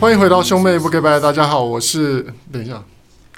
歡迎回到兄妹不告白。大家好，我是等一下。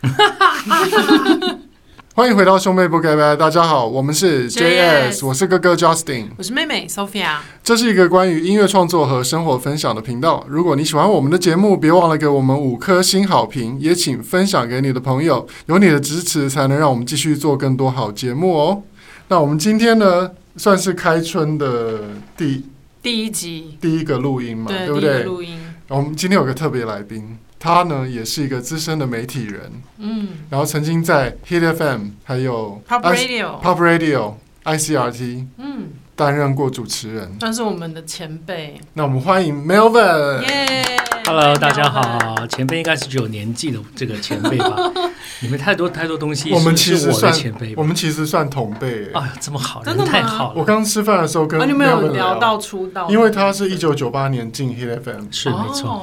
歡迎回到兄妹不告白。大家好，我們是 JS，我是哥哥 Justin，我是妹妹 Sophia。這是一個關於音樂創作和生活分享的頻道。如果你喜歡我們的節目，別忘了給我們五顆星好評，也請分享給你的朋友。有你的支持，才能讓我們繼續做更多好節目哦。那我們今天呢，算是開春的第第一集第一，第一個錄音嘛，對不對？錄音。我們今天有個特別來賓，他呢也是一個資深的媒體人，嗯，然後曾經在 Hit FM 還有 Pop Radio、Pop Radio、ICRT，嗯，擔任過主持人，算是我們的前輩。那我們歡迎 Melvin。Yeah Hello，大家好。前輩應該是具有年紀的這個前輩吧？你們太多太多東西。我們其實算前輩，我們其實算同輩。啊，這麼好，人太好了。我剛吃飯的時候跟你們聊到出道，因為他是一九九八年進 Hit FM，是沒錯。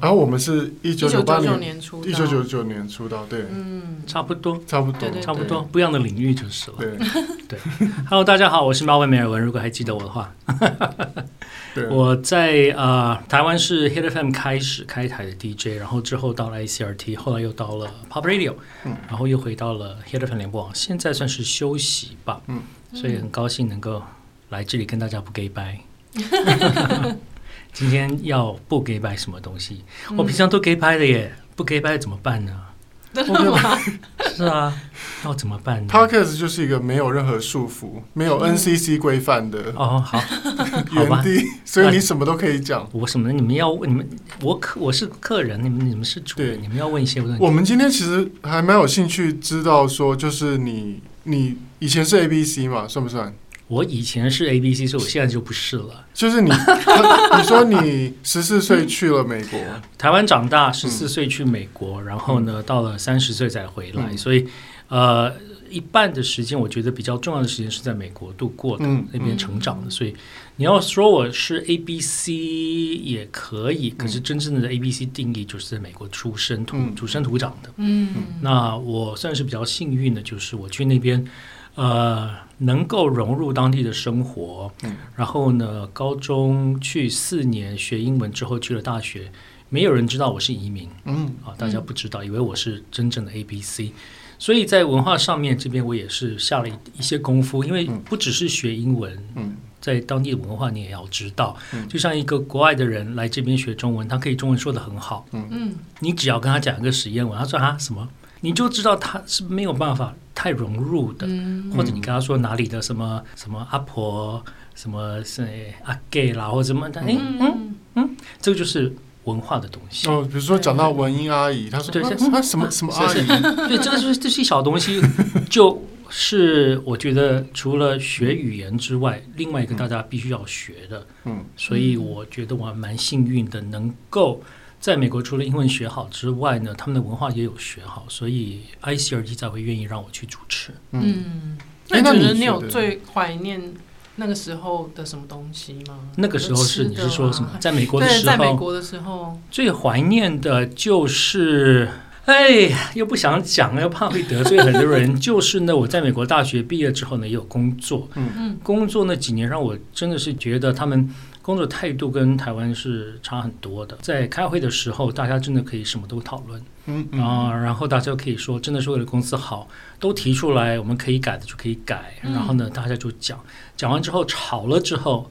然後我們是一九九八年，一九九九年出道。對，嗯，差不多，差不多，差不多，不一樣的領域就是了。對，Hello，大家好，我是貓外梅爾文，如果還記得我的話。哈哈哈哈對我在啊、呃、台灣是 Hit FM 開始開台的 DJ，然後之後到了 ICRT，後來又到了 Pop Radio，然後又回到了 Hit FM 聯播。現在算是休息吧。嗯、所以很高興能夠來這裡跟大家不給掰。 今天要不給掰什麼東西？我平常都給掰的耶，不給掰怎麼辦呢？Okay. 是啊，那我怎麼辦呢？Podcast 就是一個沒有任何束縛、沒有 NCC 規範的原地、嗯、哦。好， 原地 所以你什麼都可以講、嗯。我什麼？你們要問你們？我客我是客人，你們你們是主人。對，你們要問一些問題。我們今天其實還蠻有興趣知道說，就是你你以前是 ABC 嘛，算不算？我以前是 A B C，所以我現在就不是了。就是你，你說你十四歲去了美國，台灣長大，十四歲去美國，然後呢，到了三十歲再回來。所以，呃，一半的時間我覺得比較重要的時間是在美國度過的，那邊成長的。所以你要說我是 A B C 也可以，可是真正的 A B C 定義就是在美國出生土土生土長的。嗯，那我算是比較幸運的，就是我去那邊。呃，能夠融入當地的生活，嗯，然後呢，高中去四年學英文之後去了大學，沒有人知道我是移民，嗯，啊，大家不知道，嗯，以為我是真正的 A B C，所以在文化上面這邊我也是下了一些功夫，因為不只是學英文，嗯，在當地的文化你也要知道，嗯，就像一個國外的人來這邊學中文，他可以中文說得很好，嗯，你只要跟他講一個實驗文，他說啊什麼，你就知道他是沒有辦法。嗯太融入的，或者你跟他說哪裡的什麼什麼阿婆，什麼是阿 gay 啦，或者什麼的，嗯嗯嗯，這個就是文化的東西。哦，比如說講到文英阿姨，他說對什麼什麼阿姨，對這個是這些小東西，就是我覺得除了學語言之外，另外一個大家必須要學的，嗯，所以我覺得我還蠻幸運的，能夠。在美國，除了英文學好之外呢，他們的文化也有學好，所以 ICRT 才會願意讓我去主持。嗯，那你覺得你有最懷念那個時候的什麼東西嗎？那個時候是你是說什麼？在美國的時候，在美國的時候，最懷念的就是哎呀，又不想講，又怕會得罪很多人。 就是呢，我在美國大學畢業之後呢，也有工作。嗯嗯，工作那幾年讓我真的是覺得他們。工作態度跟台灣是差很多的，在開會的時候，大家真的可以什麼都討論，嗯啊，然後大家可以說真的是為了公司好，都提出來，我們可以改的就可以改，然後呢，大家就講，講完之後吵了之後，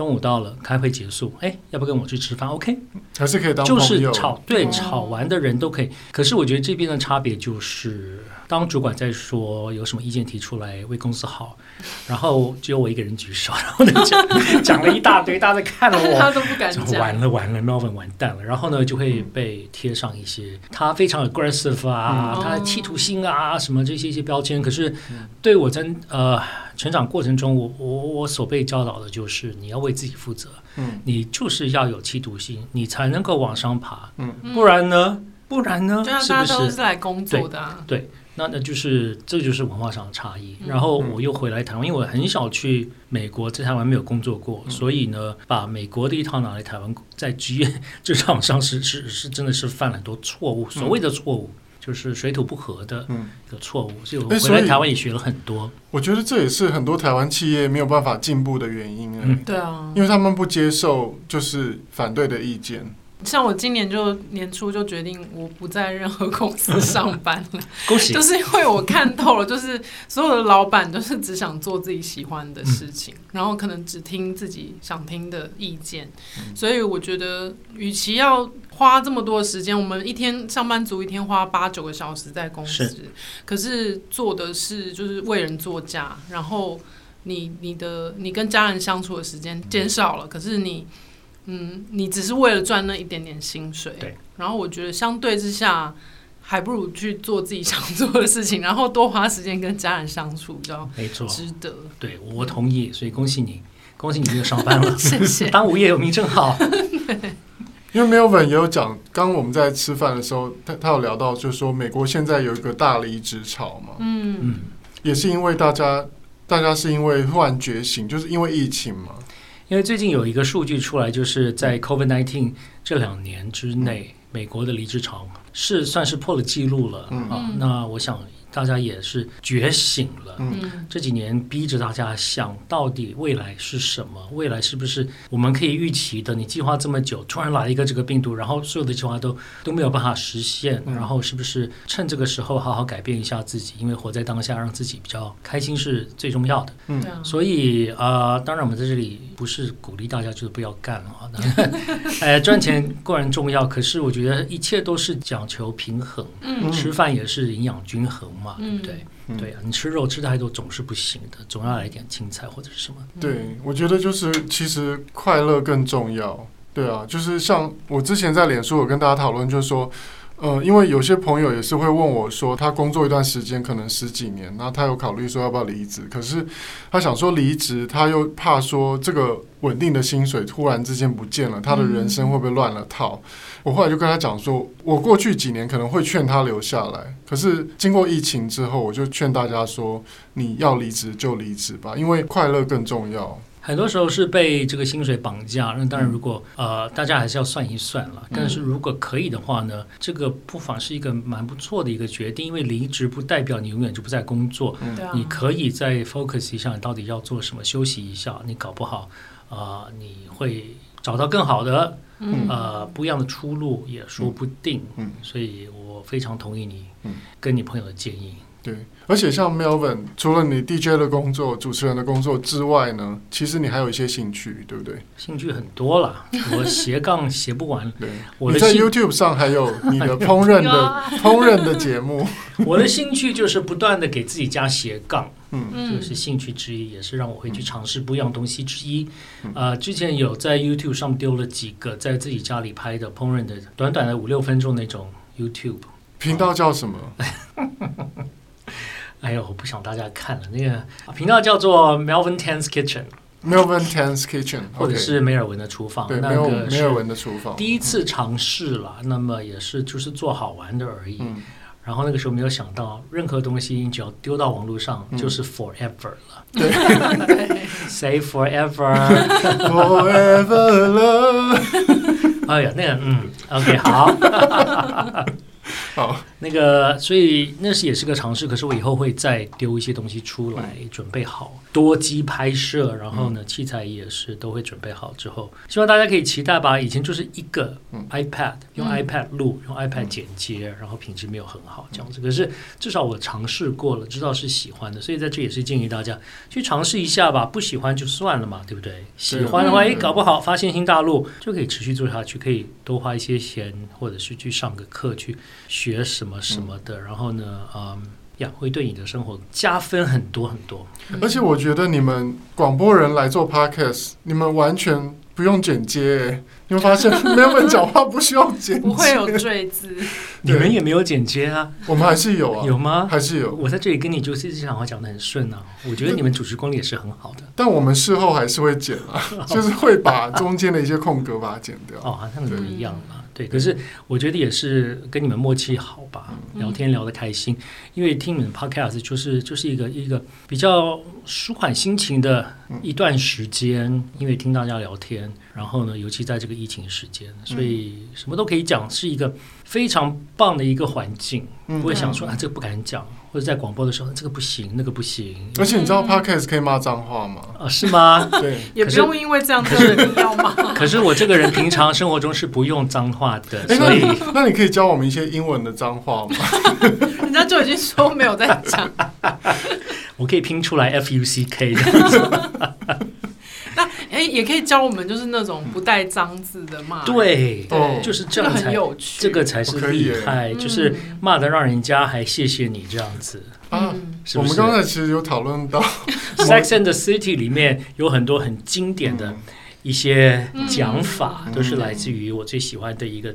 中午到了，開會結束，哎，要不跟我去吃飯？OK，還是可以當就是吵對吵、哦、完的人都可以，可是我覺得這邊的差別就是，當主管在說有什麼意見提出來為公司好，然後只有我一個人舉手，然後講 講了一大堆， 大家看了我他都不敢講，完了完了，Melvin 完蛋了，然後呢就會被貼上一些他非常 aggressive 啊，嗯、他企圖心啊什麼這些一些標籤，可是對我真呃。成長過程中我，我我我所被教導的就是你要為自己負責，嗯，你就是要有企圖心，你才能夠往上爬，嗯，不然呢？不然呢？這樣大家都是來工作的、啊是不是對？對，那那就是這就是文化上的差異。嗯、然後我又回來台灣，因為我很少去美國，在台灣沒有工作過，嗯、所以呢，把美國的一套拿來台灣，在職業職場上是是是真的是犯了很多錯誤，所謂的錯誤。嗯就是水土不合的一個錯誤，所以、嗯欸、回來台灣也學了很多。我覺得這也是很多台灣企業沒有辦法進步的原因啊、嗯。對啊，因為他們不接受就是反對的意見。像我今年就年初就決定，我不在任何公司上班了。恭喜！就是因為我看透了，就是所有的老闆都是只想做自己喜歡的事情，然後可能只聽自己想聽的意見。所以我覺得，與其要花這麼多時間，我們一天上班族一天花八九個小時在公司，可是做的是就是為人作嫁。然後你你的你跟家人相處的時間減少了，可是你。嗯，你只是為了賺那一點點薪水，對。然後我覺得相對之下，還不如去做自己想做的事情，然後多花時間跟家人相處，比較沒錯，值得。對，我同意。所以恭喜你，恭喜你又上班了， 謝謝。當無業遊民正好。 對因為 Melvin 也有講，剛我們在吃飯的時候，他他有聊到，就是說美國現在有一個大離職潮嘛，嗯嗯，也是因為大家大家是因為突然覺醒，就是因為疫情嘛。因為最近有一個數據出來，就是在 COVID-19 這兩年之內，美國的離職潮是算是破了記錄了啊、嗯。那我想。大家也是覺醒了，嗯、這幾年逼着大家想到底未來是什麼？嗯、未來是不是我們可以預期的？你計劃這麼久，突然來一個這個病毒，然後所有的計劃都都沒有辦法實現，嗯、然後是不是趁這個時候好好改變一下自己？因為活在當下，讓自己比較開心是最重要的。嗯嗯、所以啊、呃，當然我們在這裡不是鼓勵大家就是不要幹了啊， 哎，賺錢固然重要， 可是我覺得一切都是講求平衡，嗯、吃飯也是營養均衡。嘛嗯、對不對？對，你吃肉吃太多總是不行的，總要來一點青菜或者是什麼。對，我覺得就是其實快樂更重要。對啊，就是像我之前在臉書有跟大家討論，就是說。嗯、呃，因為有些朋友也是會問我說，他工作一段時間，可能十幾年，那他有考慮說要不要離職，可是他想說離職，他又怕說這個穩定的薪水突然之間不見了，他的人生會不會亂了套？嗯、我後來就跟他講說，我過去幾年可能會勸他留下來，可是經過疫情之後，我就勸大家說，你要離職就離職吧，因為快樂更重要。很多時候是被這個薪水綁架。那當然，如果呃大家還是要算一算了。但是如果可以的話呢，這個不妨是一個蠻不錯的一個決定。因為離職不代表你永遠就不再工作。嗯、你可以再 focus 一下你到底要做什麼，休息一下。你搞不好啊、呃，你會找到更好的、嗯、呃不一樣的出路也說不定。嗯、嗯、嗯，所以我非常同意你跟你朋友的建議。對，而且像 Melvin，除了你 DJ 的工作、主持人的工作之外呢，其實你還有一些興趣，對不對？興趣很多了，我斜槓寫不完。對我你在 YouTube 上還有你的烹飪的 烹飪的節目。我的興趣就是不斷的給自己加斜槓，嗯，這是興趣之一，也是讓我會去嘗試不一樣東西之一。嗯、呃，之前有在 YouTube 上丟了幾個在自己家裡拍的烹飪的，短短的五六分鐘那種 YouTube 頻道叫什麼？ 哎呦，我不想大家看了那個頻道叫做 Melvin Tan's Kitchen，Melvin Tan's Kitchen，或者是梅爾文的廚房，對，沒梅爾文的廚房，第一次嘗試了，那麼也是就是做好玩的而已。然後那個時候沒有想到，任何東西只要丟到網絡上就是 forever 了，對，say forever，forever love。哎呀，那個嗯，OK，好，好。那個，所以那是也是個嘗試，可是我以後會再丟一些東西出來，準備好多機拍攝，然後呢，器材也是都會準備好之後，希望大家可以期待吧。以前就是一個 iPad，用 iPad 錄，用 iPad 剪接，然後品質沒有很好這樣子。可是至少我嘗試過了，知道是喜歡的，所以在這也是建議大家去嘗試一下吧。不喜歡就算了嘛，對不對？喜歡的話，哎，搞不好發現新大陸就可以持續做下去，可以多花一些錢，或者是去上個課去學什麼。什麼什麼的，嗯、然後呢，嗯，呀，會對你的生活加分很多很多。而且我覺得你們廣播人來做 Podcast，你們完全不用剪接。你們發現 Melvin 講話不需要剪接，不會有贅字。你們也沒有剪接啊？我們還是有啊。有嗎？還是有。我在這裡跟你就是這場話講得很順啊，我覺得你們主持功力也是很好的。但我們事後還是會剪啊， 就是會把中間的一些空格把它剪掉。哦，好像對、哦、不一樣了。嗯對，可是我覺得也是跟你們默契好吧，聊天聊得開心，嗯、因為聽你們的 Podcast 就是就是一個一個比較舒緩心情的。一段時間，因為聽大家聊天，然後呢，尤其在這個疫情時間，所以什麼都可以講，是一個非常棒的一個環境。嗯、不會想說啊，這個不敢講，或者在廣播的時候、啊，這個不行，那個不行。而且你知道 podcast 可以罵髒話嗎、嗯？啊，是嗎？對，也不用因為這樣子一定要罵。可是我這個人平常生活中是不用髒話的，所以、欸、那，那你可以教我們一些英文的髒話嗎？人家就已經說沒有在講。 我可以拼出來 f u c k。 那也可以教我們，就是那種不帶髒字的罵。 對，哦、就是這樣才這個很有趣，這個才是厲害，我就是罵得讓人家還謝謝你這樣子啊。嗯、是不是？我們剛才其實有討論到《 Sex and the City》裡面有很多很經典的一些講法，嗯、都是來自於我最喜歡的一個。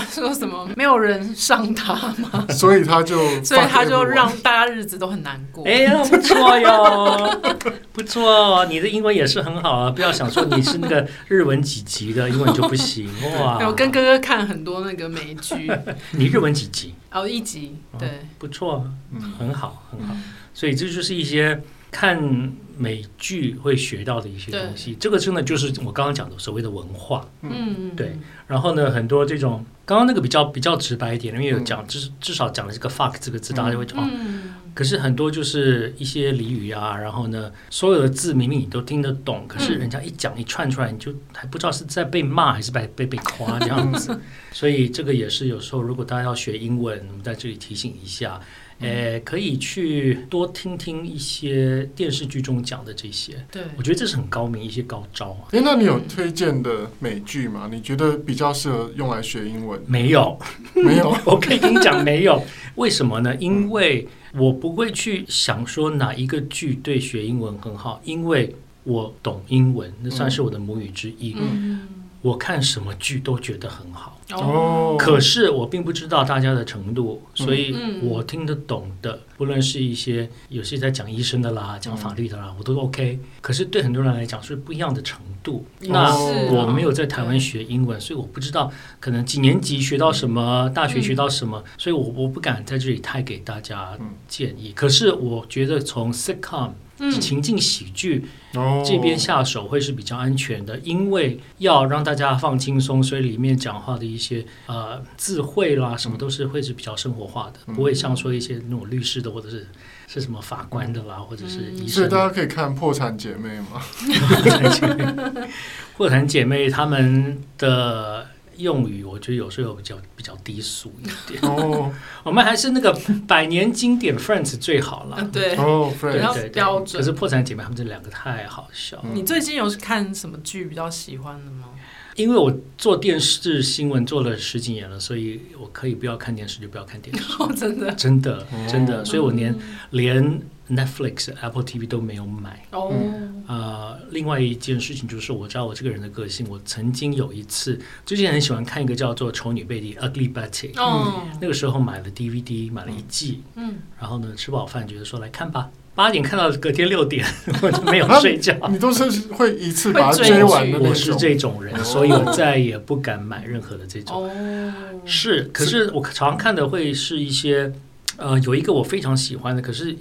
說什麼？沒有人上他嗎？ 所以他就，所以他就讓大家日子都很難過。 哎，不錯喲，不錯、啊、你的英文也是很好啊，不要想說你是那個日文幾級的，英文就不行哇！我 跟哥哥看很多那個美劇， 你日文幾級？哦，一級，對，哦、不錯、啊，嗯、很好，嗯、很好。所以這就是一些，看美劇會學到的一些東西，對這個真的就是我剛剛講的所謂的文化。嗯嗯，對。然後呢，很多這種剛剛那個比較比較直白一點，因為有講，至、嗯、至少講了這個 fuck 這個字，大家就會知道。哦嗯、可是很多就是一些俚語啊，然後呢，所有的字明明你都聽得懂，可是人家一講一串出來，你就還不知道是在被罵還是被被被誇這樣子。 所以這個也是有時候，如果大家要學英文，我們在這裡提醒一下。誒，可以去多聽聽一些電視劇中講的這些。對，我覺得這是很高明一些高招啊。誒，那你有推薦的美劇嗎？你覺得比較適合用來學英文？沒有， 沒有。 我可以跟你講，沒有。 為什麼呢？因為我不會去想說哪一個劇對學英文很好，因為我懂英文，那算是我的母語之一。嗯。嗯我看什麼劇都覺得很好，哦、可是我並不知道大家的程度，嗯、所以我聽得懂的，嗯、不論是一些有些在講醫生的啦，講法律的啦，嗯、我都 OK。可是對很多人來講是不一樣的程度。那我沒有在台灣學英文，所以我不知道可能幾年級學到什麼，嗯、大學學到什麼，嗯、所以我我不敢在這裡太給大家建議。嗯、可是我覺得從 sitcom。情境喜劇、嗯、這邊下手會是比較安全的，哦、因為要讓大家放輕鬆，所以裡面講話的一些呃字彙啦什麼都是會是比較生活化的，嗯、不會像說一些那種律師的或者是是什麼法官的啦，嗯、或者是醫生。所以大家可以看《破產姐妹》嘛，《 破產姐妹》破產姐妹，她們的。用語我覺得有時候比較比較低俗一點。 我們還是那個百年經典 Friends 最好了。 對，Friends 標準。可是破產姐妹他們這兩個太好笑了，嗯。你最近有是看什麼劇比較喜歡的嗎？因為我做電視新聞做了十幾年了，所以我可以不要看電視就不要看電視。 真的，真的，真的，嗯，所以我連連。Netflix、Apple TV 都沒有買、oh. 呃，另外一件事情就是，我知道我這個人的個性，我曾經有一次，最近很喜歡看一個叫做《醜女貝蒂》（Ugly Betty），、oh. 那個時候買了 DVD，買了一季，oh. 然後呢，吃飽飯覺得說來看吧，八點看到隔天六點，我就沒有睡覺。啊、 你都是會一次把它追完？我是這種人，oh. 所以我再也不敢買任何的這種、oh. 是，可是我常看的會是一些，oh. 呃，有一個我非常喜歡的，可是。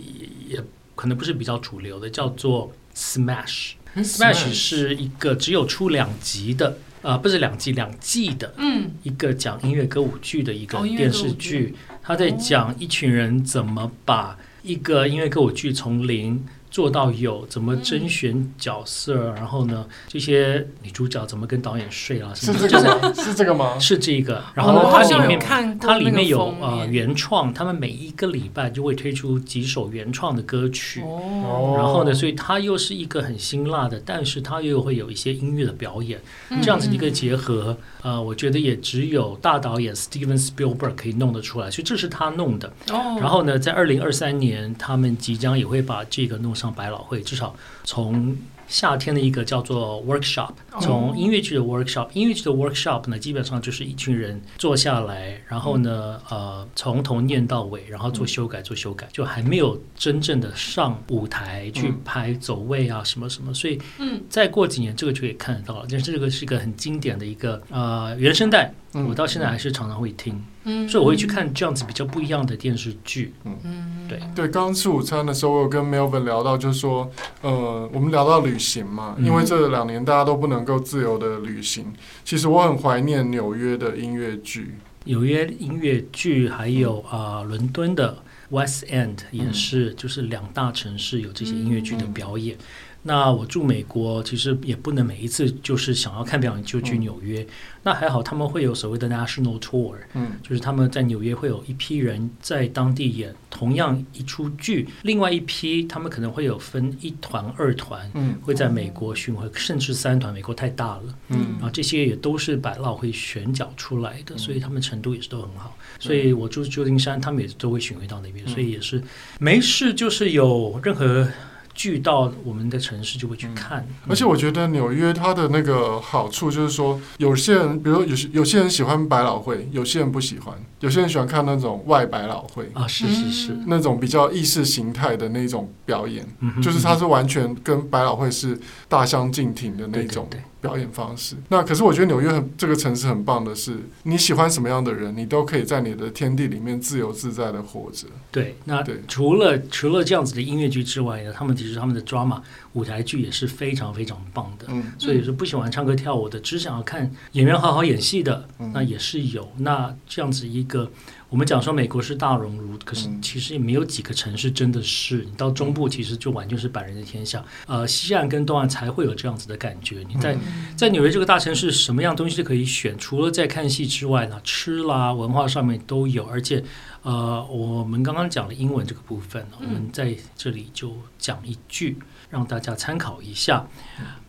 也可能不是比較主流的，叫做 Smash，嗯、《Smash》，《Smash》是一個只有出兩集的，呃，不是兩集，兩季的，嗯、一個講音樂歌舞劇的一個電視劇，他、哦、在講一群人怎麼把一個音樂歌舞劇從零。做到有，怎麼甄選角色，嗯、然後呢，這些女主角怎麼跟導演睡啊？是這個是、這個、是這個嗎？是這個。然後呢，它、哦、裡面它裡面有面、呃、原創，他們每一個禮拜就會推出幾首原創的歌曲。哦。然後呢，所以它又是一個很辛辣的，但是它又會有一些音樂的表演，這樣子一個結合。嗯嗯呃，我覺得也只有大導演 Steven Spielberg 可以弄得出來，所以這是他弄的。哦。然後呢，在二零二三年，他們即將也會把這個弄，上百老匯至少從夏天的一個叫做 workshop，從音樂劇的 workshop，音樂劇的 workshop 呢，基本上就是一群人坐下來，然後呢，呃，從頭念到尾，然後做修改，做修改，就還沒有真正的上舞台去拍走位啊，什麼什麼。所以，嗯，再過幾年這個就可以看得到了，但是這個是一個很經典的一個呃原聲帶。我到現在還是常常會聽，嗯、所以我會去看這樣子比較不一樣的電視劇。對、嗯、對。剛剛吃午餐的時候，我有跟 Melvin 聊到，就是說，呃，我們聊到旅行嘛，嗯、因為這兩年大家都不能夠自由的旅行，其實我很懷念紐約的音樂劇，紐約音樂劇還有啊、呃、倫敦的 West End 也是，嗯、就是兩大城市有這些音樂劇的表演。嗯嗯那我住美國，其實也不能每一次就是想要看表演就去紐約。嗯、那還好他們會有所謂的 National Tour，嗯，就是他們在紐約會有一批人在當地演同樣一出劇，另外一批他們可能會有分一團、二團，嗯，會在美國巡迴，嗯、甚至三團。美國太大了，嗯，啊，這些也都是百老匯選角出來的，嗯、所以他們程度也是都很好。所以我住舊金山，嗯、他們也都會巡迴到那邊，所以也是沒事，就是有任何。聚到我們的城市，就會去看。嗯，而且我覺得紐約它的那個好處就是說，有些人，比如有些，有些人喜歡百老匯，有些人不喜歡，有些人喜歡看那種外百老匯啊，是是是，那種比較意識形態的那種表演，就是它是完全跟百老匯是大相徑庭的那種。表演方式，那可是我覺得紐約這個城市很棒的是，你喜歡什麼樣的人，你都可以在你的天地裡面自由自在的活着。對，那對，除了除了這樣子的音樂劇之外呢，他們其實他們的 drama 舞台劇也是非常非常棒的。嗯，所以說不喜歡唱歌跳舞的，只想要看演員好好演戲的，嗯，那也是有。那這樣子一個。我們講說美國是大熔爐，可是其實也沒有幾個城市真的是，你、嗯、到中部其實就完全是白人的天下。嗯、呃，西岸跟東岸才會有這樣子的感覺。你在在紐約這個大城市，什麼樣東西都可以選，除了在看戲之外呢，吃啦、文化上面都有。而且，呃，我們剛剛講了英文這個部分，嗯、我們在這裡就講一句，讓大家參考一下。嗯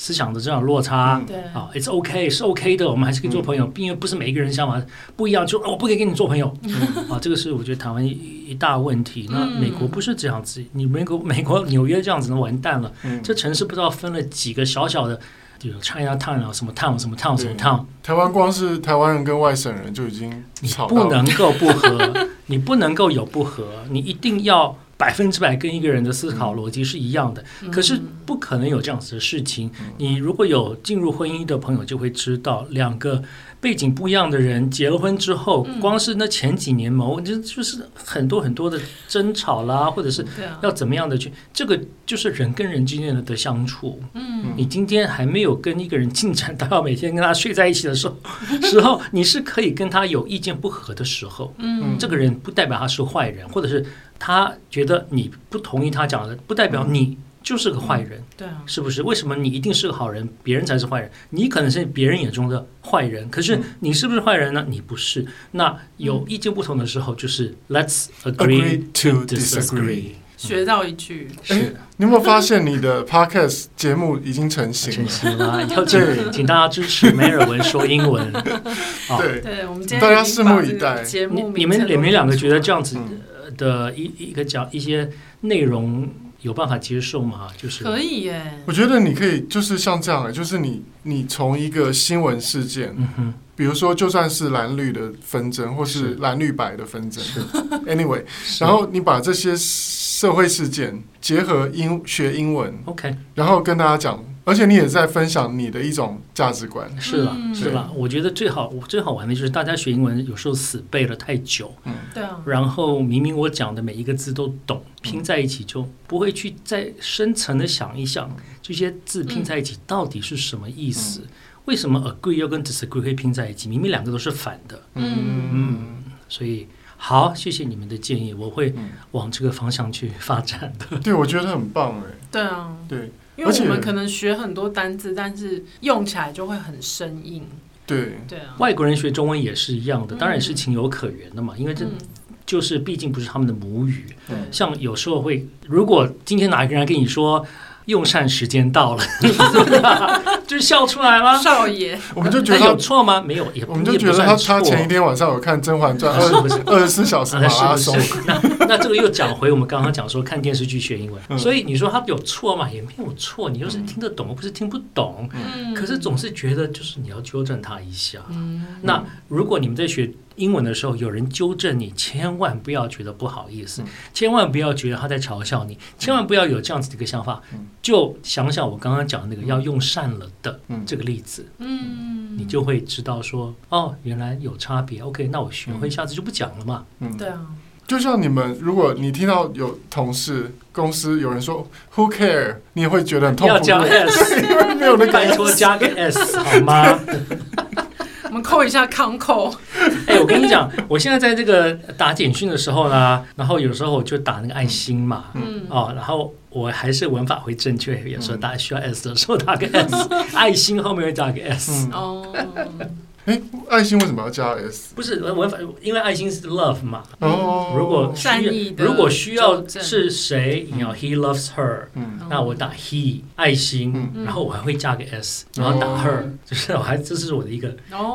思想的這樣落差，對啊，It's OK，是 OK 的，我們還是可以做朋友，並不是每一個人想法不一樣，就我不可以跟你做朋友啊，這個是我覺得台灣一一大問題。那美國不是這樣子，你美國美國紐約這樣子就完蛋了，這城市不知道分了幾個小小的，比如 China Town，什麼 Town，什麼 Town，什麼 Town。台灣光是台灣人跟外省人就已經你不能夠不和，你不能夠有不和，你一定要。百分之百跟一個人的思考邏輯是一樣的，可是不可能有這樣子的事情。你如果有進入婚姻的朋友，就會知道，兩個背景不一樣的人結了婚之後，光是那前幾年嘛，就就是很多很多的爭吵啦，或者是要怎麼樣的去，這個就是人跟人之間的相處。嗯，你今天還沒有跟一個人進展到每天跟他睡在一起的時候，時候你是可以跟他有意見不合的時候。嗯，這個人不代表他是壞人，或者是。他覺得你不同意他講的，不代表你就是個壞人，對啊，是不是？為什麼你一定是個好人，別人才是壞人？你可能是別人眼中的壞人，可是你是不是壞人呢？你不是。那有意見不同的時候，就是 Let's agree to disagree。學到一句，是，你有沒有發現你的 podcast 節目已經成型？成型了，要請請大家支持梅爾文說英文。對對，我們今天大家拭目以待。節目，你們你們兩個覺得這樣子？的一一個講一些內容有辦法接受嗎？就是可以耶。 我覺得你可以就是像這樣的，就是你你從一個新聞事件，比如說就算是藍綠的紛爭，或是藍綠白的紛爭，對，anyway，然後你把這些社會事件結合英學英文，OK，然後跟大家講。而且你也在分享你的一種價值觀，是吧啦？對是吧？我覺得最好，我最好玩的就是大家學英文有時候死背了太久，嗯，對啊。然後明明我講的每一個字都懂，拼在一起就不會去再深層的想一想這些字拼在一起到底是什麼意思？嗯、為什麼 agree 要跟 disagree 拼在一起？明明兩個都是反的，嗯嗯嗯。所以好，謝謝你們的建議，我會往這個方向去發展的。對，我覺得很棒誒、欸。對啊，對。因為我們可能學很多單詞，而且，但是用起來就會很生硬。對對啊，外國人學中文也是一樣的，當然是情有可原的嘛。嗯、因為這、嗯、就是畢竟不是他們的母語。嗯、像有時候會，如果今天哪一個人跟你說。用膳時間到了，就是笑出來了。少爺，我們就覺得他有錯嗎？沒有，我們就覺得他前一天晚上有看《甄嬛傳》，是不是二十四小時馬拉松？那那這個又講回我們剛剛講說看電視劇學英文。所以你說他有錯嗎？也沒有錯，你就是聽得懂，不是聽不懂。嗯，可是總是覺得就是你要糾正他一下。那如果你們在學？英文的時候，有人糾正你，千萬不要覺得不好意思，千萬不要覺得他在嘲笑你，千萬不要有這樣子的一個想法，就想想我剛剛講的那個要用善了的這個例子，你就會知道說，哦，原來有差別。OK，那我學會下次就不講了嘛。對啊，就像你們，如果你聽到有同事、公司有人說 Who care，你也會覺得很痛苦，要加 S，因為沒有那個說加個 S 好嗎？扣一下康口，哎，我跟你講，我現在在這個打簡訊的時候呢，然後有時候我就打那個愛心嘛，嗯、哦，然後我還是文法會正確，有時候大家需要 S 的時候打個 S，嗯、愛心後面會加個 S。哦、嗯。 哎、欸，愛心為什麼要加 s？不是我，因為愛心是 love 嘛。哦、嗯，如果善意如果需要是誰，你 you 要 know, he loves her。嗯，那我打 he 愛心，嗯、然後我還會加個 s，嗯、然後打 her，就是我還這是我的一個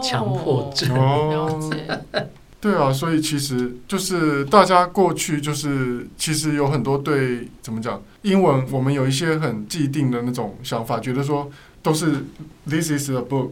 強迫症。哦、 了解。對啊，所以其實就是大家過去就是其實有很多對怎麼講英文，我們有一些很既定的那種想法，覺得說都是 this is a book。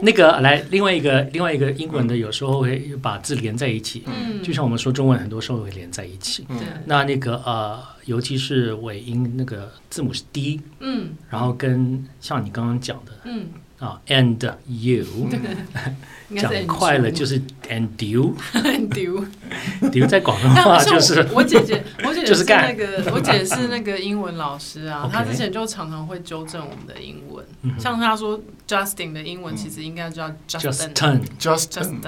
那個來，另外一個另外一個英文的有時候會把字連在一起，嗯、就像我們說中文很多時候會連在一起。嗯、那那個呃，尤其是尾音那個字母是 D，嗯，然後跟像你剛剛講的，嗯。啊，and you，講快了就是 and you，and you，you 在廣東話就是我姐姐，我姐姐是那個，我姐是那個英文老師啊，她之前就常常會糾正我們的英文，像她說 Justin 的英文其實應該叫 Just i u n u t u u r n j u s t t u n u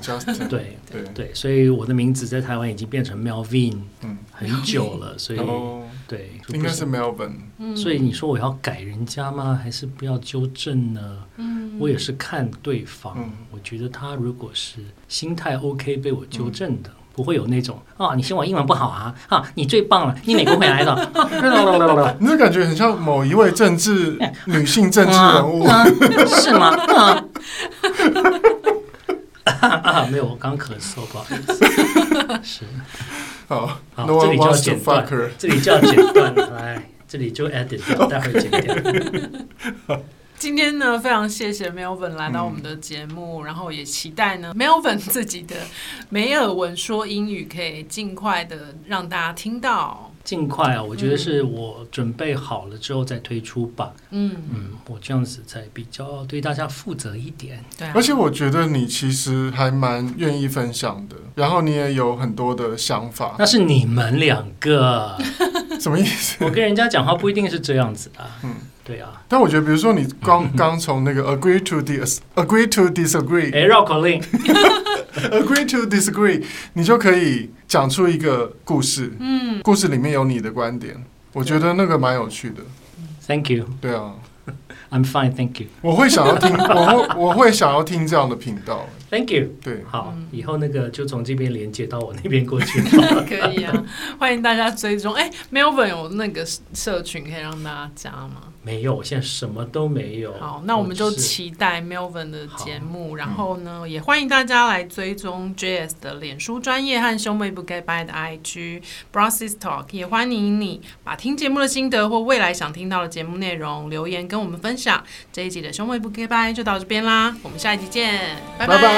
t u r n 對對對，所以我的名字在台灣已經變成 Melvin，嗯，很久了，所以。對，應該是 Melbourne。所以你說我要改人家嗎？還是不要糾正呢？嗯、我也是看對方。嗯、我覺得他如果是心態 OK，被我糾正的，嗯、不會有那種啊，你嫌我英文不好啊？啊，你最棒了，你美國回來的。看到了，看到了，那感覺很像某一位政治女性政治人物、 啊啊，是嗎？啊 啊，沒有，我剛咳嗽，不好意思。是， 好，好，No 這裡就要剪斷，這裡就要剪斷，來，這裡就 edit 掉，Okay. 待會剪掉。 今天呢，非常謝謝 Melvin 來到我們的節目，嗯、然後也期待呢 Melvin 自己的梅爾文說英語可以盡快的讓大家聽到。盡快啊！我覺得是我準備好了之後再推出吧。嗯嗯，我這樣子才比較對大家負責一點。而且我覺得你其實還蠻願意分享的，然後你也有很多的想法。那是你們兩個 什麼意思？我跟人家講話不一定是這樣子的。 嗯，對啊。但我覺得，比如說你 剛剛從那個 agree to dis agree to disagree，哎、欸，繞口令。 Agree to disagree，你就可以講出一個故事。嗯，故事裡面有你的觀點，Yeah. 我覺得那個蠻有趣的。Thank you。對啊，I'm fine, thank you。我會想要聽，我會我會想要聽這樣的頻道。Thank you。對，好，嗯、以後那個就從這邊連接到我那邊過去。 可以啊， 歡迎大家追蹤。哎，Melvin 有那個社群可以讓大家加嗎？沒有，我現在什麼都沒有，嗯。好，那我們就期待 Melvin 的節目。好然後呢，嗯、也歡迎大家來追蹤 JS 的臉書專業和兄妹不 bye 的 IG b r a s i s Talk。也歡迎你，你把聽節目的心得或未來想聽到的節目內容留言跟我們分享。這一集的兄妹不 bye 就到這邊啦，我們下一集見，拜拜。Bye bye